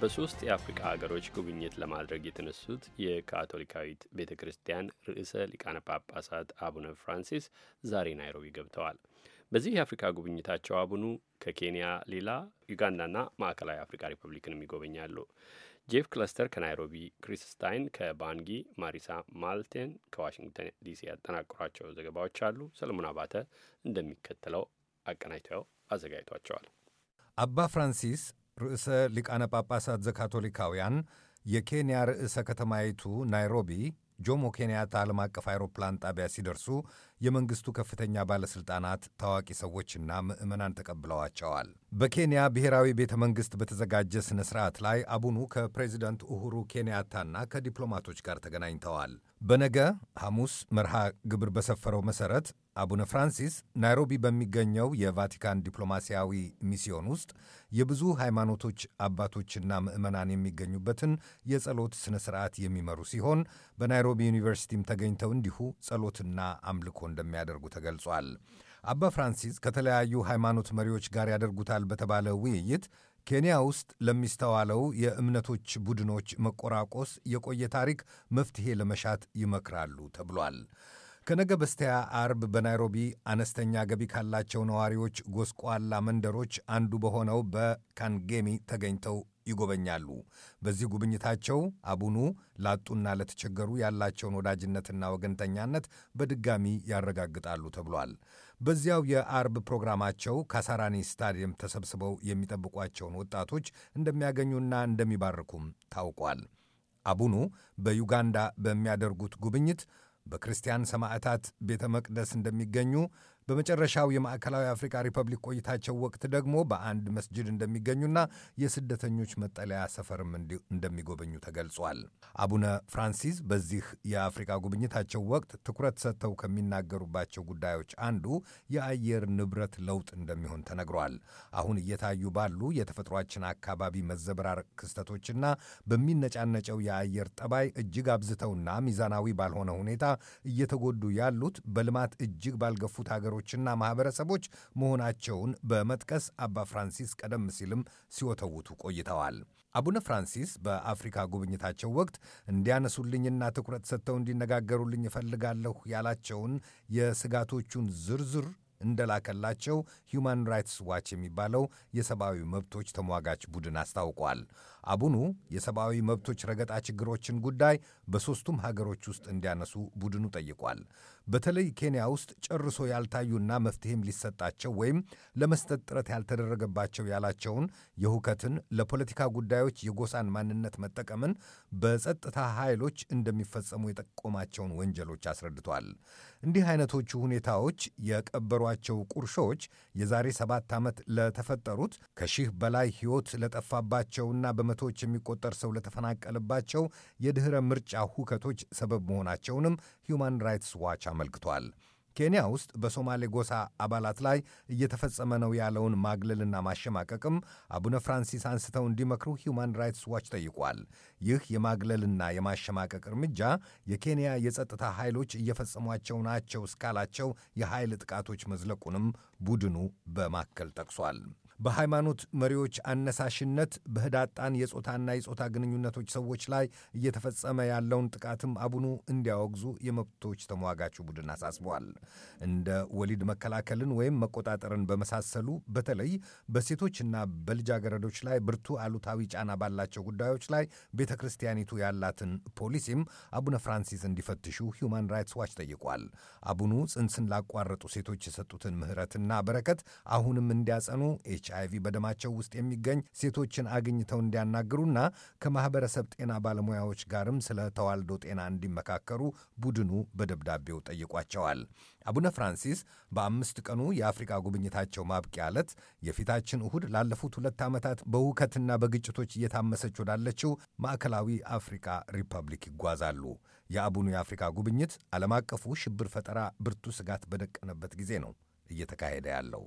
በሶስት የአፍሪቃ ሀገሮች ጉብኝት ለማድረግ የተነሱት የካቶሊካዊት ቤተ ክርስቲያን ርዕሰ ሊቃነ ጳጳሳት አቡነ ፍራንሲስ ዛሬ ናይሮቢ ገብተዋል። በዚህ የአፍሪካ ጉብኝታቸው አቡኑ ከኬንያ ሌላ ዩጋንዳና ማዕከላዊ አፍሪካ ሪፐብሊክንም ይጎበኛሉ። ጄፍ ክለስተር ከናይሮቢ፣ ክሪስታይን ከባንጊ፣ ማሪሳ ማልቴን ከዋሽንግተን ዲሲ ያጠናቅሯቸው ዘገባዎች አሉ። ሰለሞን አባተ እንደሚከተለው አቀናጅተው አዘጋጅቷቸዋል። አባ ፍራንሲስ ርዕሰ ሊቃነ ጳጳሳት ዘካቶሊካውያን የኬንያ ርዕሰ ከተማይቱ ናይሮቢ ጆሞ ኬንያታ ዓለም አቀፍ አይሮፕላን ጣቢያ ሲደርሱ የመንግስቱ ከፍተኛ ባለስልጣናት፣ ታዋቂ ሰዎችና ምዕመናን ተቀብለዋቸዋል። በኬንያ ብሔራዊ ቤተ መንግሥት በተዘጋጀ ሥነ ሥርዓት ላይ አቡኑ ከፕሬዚደንት ኡሁሩ ኬንያታና ከዲፕሎማቶች ጋር ተገናኝተዋል። በነገ ሐሙስ መርሃ ግብር በሰፈረው መሠረት አቡነ ፍራንሲስ ናይሮቢ በሚገኘው የቫቲካን ዲፕሎማሲያዊ ሚስዮን ውስጥ የብዙ ሃይማኖቶች አባቶችና ምዕመናን የሚገኙበትን የጸሎት ሥነ ሥርዓት የሚመሩ ሲሆን በናይሮቢ ዩኒቨርሲቲም ተገኝተው እንዲሁ ጸሎትና አምልኮን እንደሚያደርጉ ተገልጿል። አባ ፍራንሲስ ከተለያዩ ሃይማኖት መሪዎች ጋር ያደርጉታል በተባለ ውይይት ኬንያ ውስጥ ለሚስተዋለው የእምነቶች ቡድኖች መቆራቆስ የቆየ ታሪክ መፍትሄ ለመሻት ይመክራሉ ተብሏል። ከነገ በስቲያ አርብ በናይሮቢ አነስተኛ ገቢ ካላቸው ነዋሪዎች ጎስቋላ መንደሮች አንዱ በሆነው በካንጌሚ ተገኝተው ይጎበኛሉ። በዚህ ጉብኝታቸው አቡኑ ላጡና ለተቸገሩ ያላቸውን ወዳጅነትና ወገንተኛነት በድጋሚ ያረጋግጣሉ ተብሏል። በዚያው የአርብ ፕሮግራማቸው ካሳራኒ ስታዲየም ተሰብስበው የሚጠብቋቸውን ወጣቶች እንደሚያገኙና እንደሚባርኩም ታውቋል። አቡኑ በዩጋንዳ በሚያደርጉት ጉብኝት በክርስቲያን ሰማዕታት ቤተ መቅደስ እንደሚገኙ በመጨረሻው የማዕከላዊ አፍሪካ ሪፐብሊክ ቆይታቸው ወቅት ደግሞ በአንድ መስጅድ እንደሚገኙና የስደተኞች መጠለያ ሰፈርም እንደሚጎበኙ ተገልጿል። አቡነ ፍራንሲስ በዚህ የአፍሪካ ጉብኝታቸው ወቅት ትኩረት ሰጥተው ከሚናገሩባቸው ጉዳዮች አንዱ የአየር ንብረት ለውጥ እንደሚሆን ተነግሯል። አሁን እየታዩ ባሉ የተፈጥሯችን አካባቢ መዘበራር ክስተቶችና በሚነጫነጨው የአየር ጠባይ እጅግ አብዝተውና ሚዛናዊ ባልሆነ ሁኔታ እየተጎዱ ያሉት በልማት እጅግ ባልገፉት ሀገሮች ሀገሮችና ማኅበረሰቦች መሆናቸውን በመጥቀስ አባ ፍራንሲስ ቀደም ሲልም ሲወተውቱ ቆይተዋል። አቡነ ፍራንሲስ በአፍሪካ ጉብኝታቸው ወቅት እንዲያነሱልኝና ትኩረት ሰጥተው እንዲነጋገሩልኝ እፈልጋለሁ ያላቸውን የስጋቶቹን ዝርዝር እንደላከላቸው ሁማን ራይትስ ዋች የሚባለው የሰብአዊ መብቶች ተሟጋች ቡድን አስታውቋል። አቡኑ የሰብአዊ መብቶች ረገጣ ችግሮችን ጉዳይ በሦስቱም ሀገሮች ውስጥ እንዲያነሱ ቡድኑ ጠይቋል። በተለይ ኬንያ ውስጥ ጨርሶ ያልታዩና መፍትሄም ሊሰጣቸው ወይም ለመስጠት ጥረት ያልተደረገባቸው ያላቸውን የሁከትን፣ ለፖለቲካ ጉዳዮች የጎሳን ማንነት መጠቀምን፣ በጸጥታ ኃይሎች እንደሚፈጸሙ የጠቆማቸውን ወንጀሎች አስረድቷል። እንዲህ አይነቶቹ ሁኔታዎች የቀበሯ የሰጧቸው ቁርሾች የዛሬ ሰባት ዓመት ለተፈጠሩት ከሺህ በላይ ሕይወት ለጠፋባቸውና በመቶዎች የሚቆጠር ሰው ለተፈናቀለባቸው የድኅረ ምርጫ ሁከቶች ሰበብ መሆናቸውንም ሁማን ራይትስ ዋች አመልክቷል። ኬንያ ውስጥ በሶማሌ ጎሳ አባላት ላይ እየተፈጸመ ነው ያለውን ማግለልና ማሸማቀቅም አቡነ ፍራንሲስ አንስተው እንዲመክሩ ሂውማን ራይትስ ዋች ጠይቋል። ይህ የማግለልና የማሸማቀቅ እርምጃ የኬንያ የጸጥታ ኃይሎች እየፈጸሟቸው ናቸው እስካላቸው የኃይል ጥቃቶች መዝለቁንም ቡድኑ በማከል ጠቅሷል። በሃይማኖት መሪዎች አነሳሽነት በህዳጣን የጾታና የጾታ ግንኙነቶች ሰዎች ላይ እየተፈጸመ ያለውን ጥቃትም አቡኑ እንዲያወግዙ የመብቶች ተሟጋቹ ቡድን አሳስበዋል። እንደ ወሊድ መከላከልን ወይም መቆጣጠርን በመሳሰሉ በተለይ በሴቶችና በልጃገረዶች ላይ ብርቱ አሉታዊ ጫና ባላቸው ጉዳዮች ላይ ቤተ ክርስቲያኒቱ ያላትን ፖሊሲም አቡነ ፍራንሲስ እንዲፈትሹ ሁማን ራይትስ ዋች ጠይቋል። አቡኑ ጽንስን ላቋረጡ ሴቶች የሰጡትን ምህረትና በረከት አሁንም እንዲያጸኑ ኤች አይቪ በደማቸው ውስጥ የሚገኝ ሴቶችን አግኝተው እንዲያናግሩና ከማህበረሰብ ጤና ባለሙያዎች ጋርም ስለ ተዋልዶ ጤና እንዲመካከሩ ቡድኑ በደብዳቤው ጠይቋቸዋል። አቡነ ፍራንሲስ በአምስት ቀኑ የአፍሪቃ ጉብኝታቸው ማብቂያ ዕለት የፊታችን እሁድ ላለፉት ሁለት ዓመታት በውከትና በግጭቶች እየታመሰች ወዳለችው ማዕከላዊ አፍሪካ ሪፐብሊክ ይጓዛሉ። የአቡኑ የአፍሪካ ጉብኝት ዓለም አቀፉ ሽብር ፈጠራ ብርቱ ስጋት በደቀነበት ጊዜ ነው እየተካሄደ ያለው።